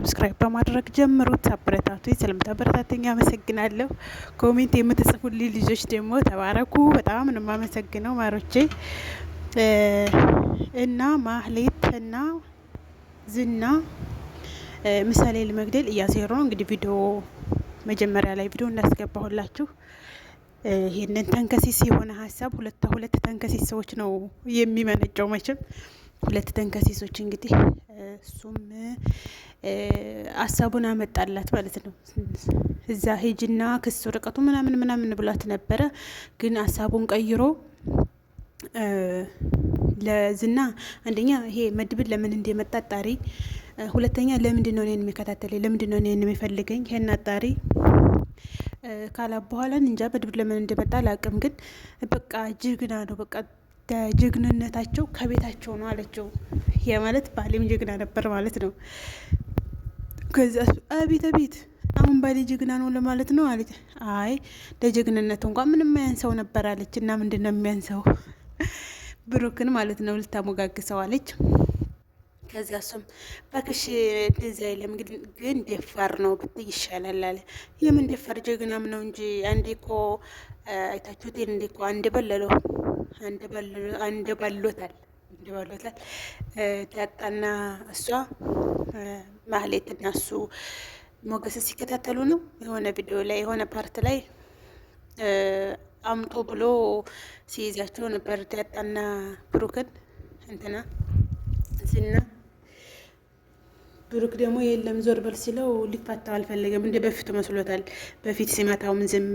ሰብስክራይብ በማድረግ ጀምሩት። አበረታቱ። ስለምታበረታቱኝ አመሰግናለሁ። ኮሜንት የምትጽፉልኝ ልጆች ደግሞ ተባረኩ። በጣም ነው የማመሰግነው ማሮቼ እና ማህሌት እና ዝና ምሳሌ ለመግደል እያሴሩ ነው። እንግዲህ ቪዲዮ መጀመሪያ ላይ ቪዲዮ እንዳስገባሁላችሁ ይህንን ተንከሲስ የሆነ ሀሳብ ሁለት ሁለት ተንከሲስ ሰዎች ነው የሚመነጨው መቼም ሁለት ተንከሲሶች እንግዲህ እሱም ሀሳቡን አመጣላት ማለት ነው። እዛ ሂጂና ክስ ወረቀቱ ምናምን ምናምን ብሏት ነበረ። ግን ሀሳቡን ቀይሮ ለዝና አንደኛ ይሄ መድብል ለምን እንደመጣ አጣሪ፣ ሁለተኛ ለምንድን ነው እኔን የሚከታተል ለምንድን ነው እኔን የሚፈልገኝ ይሄን አጣሪ ካላ በኋላ እንጃ መድብል ለምን እንደመጣ አላቅም። ግን በቃ ጅግና ነው በቃ ጀግንነታቸው ከቤታቸው ነው አለችው። ያ ማለት ባሌም ጀግና ነበር ማለት ነው። ከዛ እሱ አቤት አቤት አሁን ባሌ ጀግና ነው ለማለት ነው አለች። አይ ለጀግንነቱ እንኳ ምንም አያንሰው ነበር አለች። እና ምንድን ነው የሚያንሰው ብሩክን ማለት ነው ልታሞጋግሰው አለች። ከዚያ እሱም በክሽ እንደዚህ አይለም ግን ደፋር ነው ብትይ ይሻላል አለ። የምን ደፋር ጀግናም ነው እንጂ አንዴ እኮ አይታችሁት እንዴ እኮ አንድ በለለው አንደባሎታል እንድበሎታል ዳጣና እሷ ማህሌትና እሱ ሞገስ ሲከታተሉ ነው። የሆነ ቪዲዮ ላይ የሆነ ፓርት ላይ አምጦ ብሎ ሲይዛቸው ነበር። ዳጣና ብሩክን እንትና ዝና ብሩክ ደግሞ የለም ዞር በል ሲለው ሊፋታው አልፈለገም። እንደ በፊቱ መስሎታል። በፊት ሲመታውም ዝም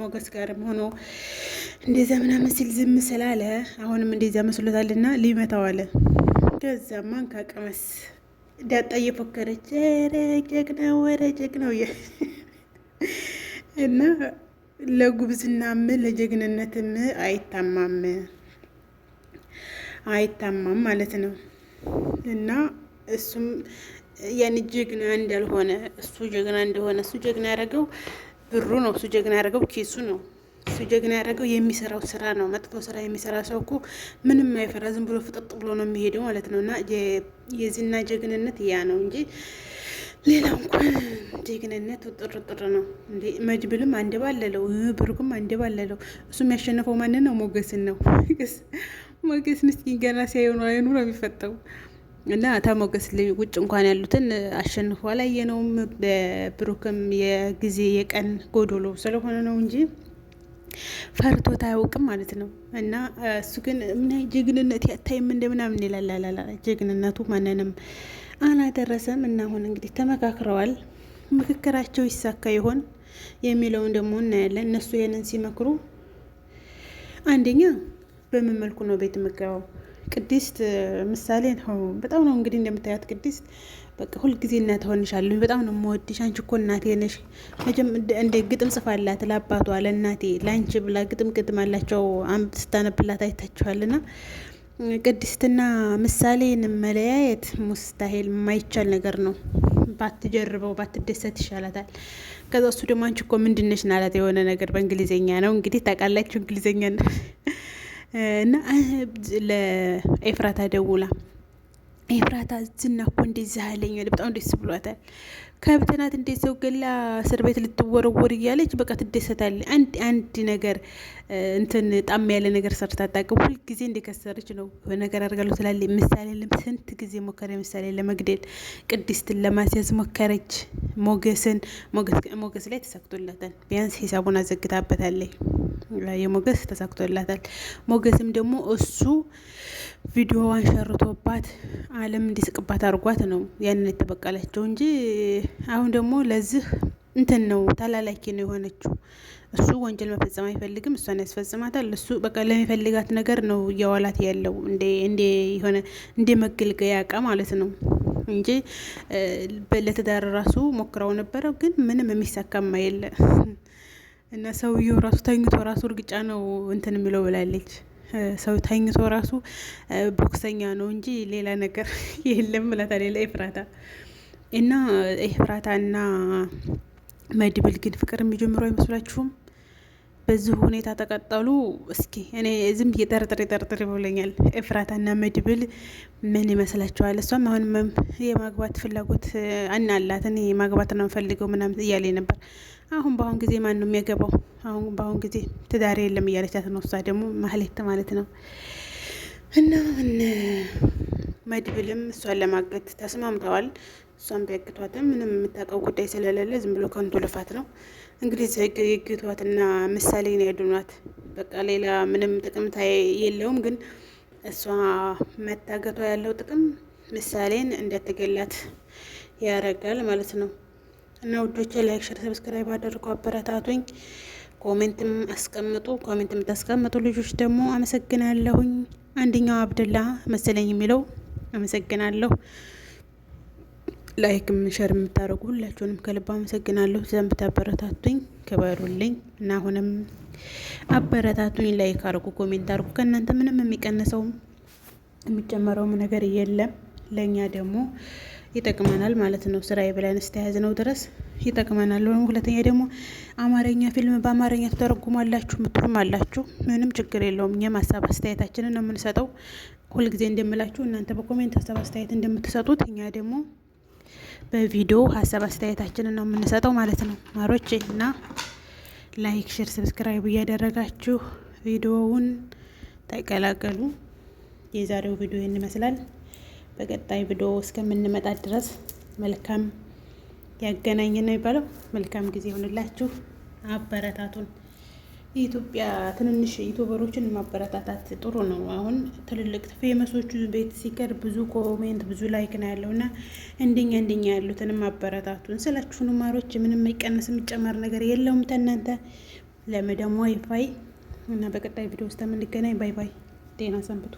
ሞገስ ጋርም ሆኖ እንደዚያ ምናምን ሲል ዝም ስላለ አሁንም እንደዚያ መስሎታልና ሊመታው አለ። ከዛ ማን ካቀመስ ዳጣ እየፎከረች ኧረ ጀግና ወረ ጀግናው እና ለጉብዝናም ለጀግንነትም አይታማም አይታማም ማለት ነው። እና እሱም ያን ጀግና እንዳልሆነ እሱ ጀግና እንደሆነ እሱ ጀግና ያደረገው ብሩ ነው። እሱ ጀግና ያደረገው ኪሱ ነው። እሱ ጀግና ያደረገው የሚሰራው ስራ ነው። መጥፎ ስራ የሚሰራ ሰው እኮ ምንም አይፈራ፣ ዝም ብሎ ፍጠጥ ብሎ ነው የሚሄደው ማለት ነው። እና የዝና ጀግንነት ያ ነው እንጂ ሌላ እንኳን ጀግንነት ጥርጥር ነው። መጅብልም ባለለው ብሩክም ባለለው እሱ የሚያሸንፈው ማንን ነው? ሞገስን ነው። ሞገስ ምስኪን ገና ሲያየው ነው አይኑ ነው የሚፈጠው እና አታ ሞገስ ውጭ እንኳን ያሉትን አሸንፎ አላየነውም። ብሩክም የጊዜ የቀን ጎዶሎ ስለሆነ ነው እንጂ ፈርቶት አያውቅም ማለት ነው። እና እሱ ግን ምን ጀግንነት ያታይም እንደምናምን ይላል። ጀግንነቱ ማንንም አላደረሰም። እና አሁን እንግዲህ ተመካክረዋል። ምክክራቸው ይሳካ ይሆን የሚለውን ደግሞ እናያለን። እነሱ ይህንን ሲመክሩ አንደኛ በምን መልኩ ነው ቤት የምገባው? ቅድስት ምሳሌ ነው። በጣም ነው እንግዲህ እንደምታያት ቅድስት በቃ ሁልጊዜ እናት ሆንሻለሁ፣ በጣም ነው የምወድሽ፣ አንቺ እኮ እናቴ ነሽ። እንደ ግጥም ጽፋላት ለአባቷ ለእናቴ ለአንቺ ብላ ግጥም ግጥም አላቸው ስታነብላት አይታችኋልና ቅድስትና ምሳሌን መለያየት ሙስታሄል የማይቻል ነገር ነው። ባትጀርበው ባትደሰት ይሻላታል። ከዛ እሱ ደግሞ አንቺ እኮ ምንድነሽ ናላት የሆነ ነገር በእንግሊዝኛ ነው እንግዲህ ታውቃላችሁ እንግሊዝኛ እና ለኤፍራታ ደውላ ኤፍራታ ዝና እኮ እንደዚህ አለኝ በጣም ደስ ብሏታል። ከብት ናት እንዴት ሰው ገላ እስር ቤት ልትወረወር እያለች በቃ ትደሰታለች። አንድ አንድ ነገር እንትን ጣም ያለ ነገር ሰርታ አታውቅም። ሁልጊዜ እንደከሰረች ነው ነገር አድርጋለሁ ትላለች። ምሳሌ ስንት ጊዜ ሞከረ ምሳሌ ለመግደል ቅድስትን ለማስያዝ ሞከረች። ሞገስን ሞገስ ላይ ተሳክቶላታል። ቢያንስ ሂሳቡን አዘግታበታለች። የሞገስ ተሳክቶላታል። ሞገስም ደግሞ እሱ ቪዲዮዋን ሸርቶባት አለም እንዲስቅባት አድርጓት ነው ያንን የተበቀለችው እንጂ አሁን ደግሞ ለዚህ እንትን ነው ተላላኪ ነው የሆነችው። እሱ ወንጀል መፈጸም አይፈልግም፣ እሷን ያስፈጽማታል። እሱ በቃ ለሚፈልጋት ነገር ነው እያዋላት ያለው እንደ የሆነ እንደ መገልገያ እቃ ማለት ነው እንጂ ለትዳር ራሱ ሞክረው ነበረው ግን ምንም የሚሳካማ የለ እና ሰውየው ራሱ ተኝቶ ራሱ እርግጫ ነው እንትን የሚለው ብላለች። ሰው ተኝቶ ራሱ ቦክሰኛ ነው እንጂ ሌላ ነገር የለም ብላታ ሌላ ኤፍራታ እና ኤፍራታና መድብል ግን ፍቅር የሚጀምሩ አይመስላችሁም? በዚህ ሁኔታ ተቀጠሉ። እስኪ እኔ ዝም ብዬ ጠርጥሬ ጠርጥሬ ብሎኛል። ኤፍራታና መድብል ምን ይመስላችኋል? እሷም አሁን የማግባት ፍላጎት እናላት እኔ ማግባት ነው ፈልገው ምናምን እያለ ነበር። አሁን በአሁን ጊዜ ማን ነው የሚያገባው? አሁን በአሁን ጊዜ ትዳሬ የለም እያለቻት ነው። እሷ ደግሞ ማህሌት ማለት ነው። እና መድብልም እሷን ለማገት ተስማምተዋል። እሷም ቢያግቷትም ምንም የምታውቀው ጉዳይ ስለሌለ ዝም ብሎ ከንቱ ልፋት ነው። እንግዲህ ይግቷትና ምሳሌ ነው ያድኗት። በቃ ሌላ ምንም ጥቅምታ የለውም። ግን እሷ መታገቷ ያለው ጥቅም ምሳሌን እንዳትገላት ያረጋል ማለት ነው። እና ውዶቼ ላይክ፣ ሸር፣ ሰብስክራይብ አድርጉ፣ አበረታቱኝ። ኮሜንትም አስቀምጡ። ኮሜንት የምታስቀምጡ ልጆች ደግሞ አመሰግናለሁኝ። አንደኛው አብደላ መሰለኝ የሚለው አመሰግናለሁ። ላይክ ምንሸር የምታደርጉ ሁላችሁንም ከልብ አመሰግናለሁ። ዘንብ ታበረታቱኝ ክበሩልኝ እና አሁንም አበረታቱኝ። ላይክ አድርጉ፣ ኮሜንት አድርጉ። ከእናንተ ምንም የሚቀንሰውም የሚጨመረውም ነገር የለም። ለእኛ ደግሞ ይጠቅመናል ማለት ነው። ስራ የበላይን ስተያዝ ነው ድረስ ይጠቅመናል። ሁለተኛ ደግሞ አማርኛ ፊልም በአማርኛ ትተረጉማላችሁ ምትሉም አላችሁ። ምንም ችግር የለውም። እኛም ሀሳብ አስተያየታችንን ነው የምንሰጠው። ሁልጊዜ እንደምላችሁ እናንተ በኮሜንት ሀሳብ አስተያየት እንደምትሰጡት እኛ ደግሞ በቪዲዮ ሀሳብ አስተያየታችንን ነው የምንሰጠው ማለት ነው ማሮች እና ላይክ፣ ሼር፣ ሰብስክራይብ እያደረጋችሁ ቪዲዮውን ተቀላቀሉ። የዛሬው ቪዲዮ ይህን ይመስላል። በቀጣይ ቪዲዮ እስከምንመጣ ድረስ መልካም ያገናኘን ነው የሚባለው። መልካም ጊዜ ይሆንላችሁ። አበረታቱን። የኢትዮጵያ ትንንሽ ዩቱበሮችን ማበረታታት ጥሩ ነው። አሁን ትልልቅ ፌመሶቹ ቤት ሲቀር ብዙ ኮሜንት ብዙ ላይክ ነው ያለው እና እንደኛ እንደኛ ያሉትን ማበረታቱን ስላችሁ ኑማሮች ምንም አይቀንስ የሚጨመር ነገር የለውም ተናንተ ለመደሞ ዋይፋይ እና በቀጣይ ቪዲዮ ውስጥ የምንገናኝ ባይ ባይ። ጤና ሰንብቱ።